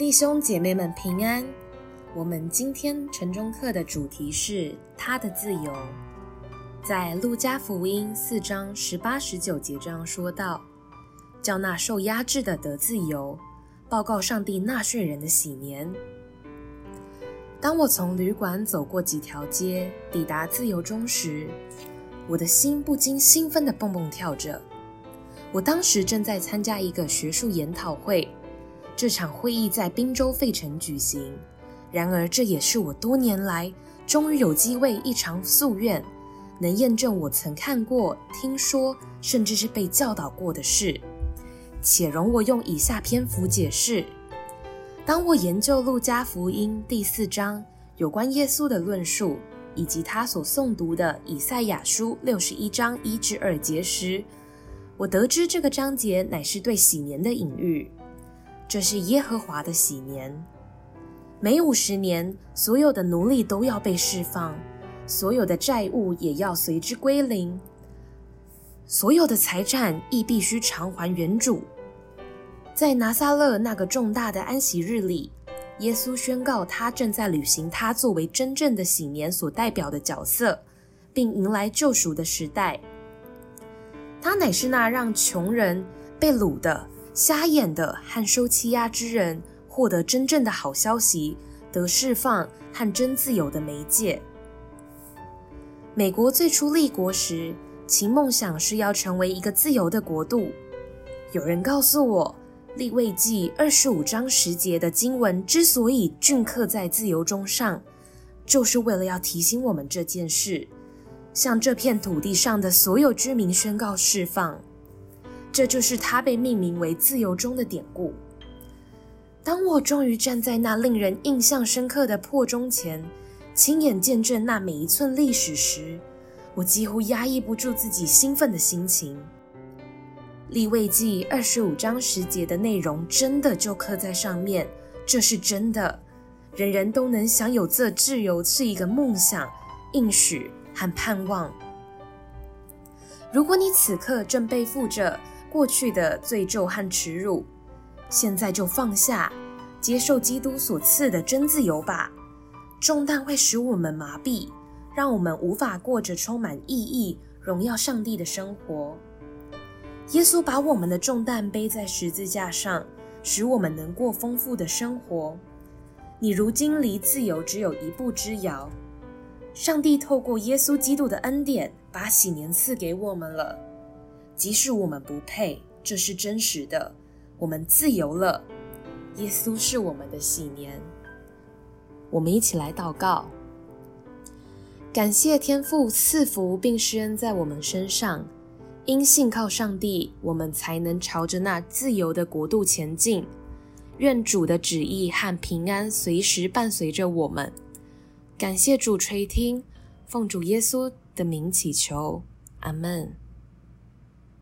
弟兄姐妹們平安，我們今天晨鐘課的主題是他的自由，在路加福音四章十八十九節這樣說道：“叫那受壓制的得自由，報告上帝納稅人的喜年。”當我從旅館走過幾條街，抵達自由中時，我的心不禁興奮地蹦蹦跳着。我當時正在參加一個學術研討會。這場會議在賓州費城舉行。然而，這也是我多年來終於有機會一償夙願，能驗證我曾看過、聽說，甚至是被教導過的事。且容我用以下篇幅解釋：當我研究《路加福音》第四章有關耶穌的論述，以及他所誦讀的《以賽亞書》六十一章一至二節時，我得知這個章節乃是對禧年的隱喻。這是耶和華的喜年，每五十年，所有的奴隸都要被釋放，所有的債務也要隨之歸零，所有的財產亦必須償還原主。在拿撒勒那個重大的安息日裡，耶穌宣告他正在履行他作為真正的喜年所代表的角色，並迎來救贖的時代。他乃是那讓窮人被擄的、瞎眼的和受欺壓之人獲得真正的好消息，得釋放和真自由的媒介。美國最初立國時，其夢想是要成為一個自由的國度。有人告訴我，《利未記》二十五章十節的經文之所以鐫刻在自由鐘上，就是為了要提醒我們這件事，向這片土地上的所有居民宣告釋放。這就是它被命名為“自由鐘”的典故。當我終於站在那令人印象深刻的破鐘前，親眼見證那每一寸歷史時，我幾乎壓抑不住自己興奮的心情。《利未記》二十五章十節的內容真的就刻在上面，這是真的。人人都能享有這自由，是一個夢想、應許和盼望。如果你此刻正背負着。過去的罪咒和恥辱，現在就放下，接受基督所賜的真自由吧。重擔會使我們麻痹，讓我們無法過着充滿意義、榮耀上帝的生活。耶穌把我們的重擔背在十字架上，使我們能過豐富的生活。你如今離自由只有一步之遙。上帝透過耶穌基督的恩典，把禧年賜給我們了。即使我們不配，這是真實的。我們自由了。耶穌是我們的禧年。我們一起來禱告，感謝天父賜福並施恩在我們身上。因信靠上帝，我們才能朝着那自由的國度前進。願主的旨意和平安隨時伴隨着我們。感謝主垂聽，奉主耶穌的名祈求，阿門。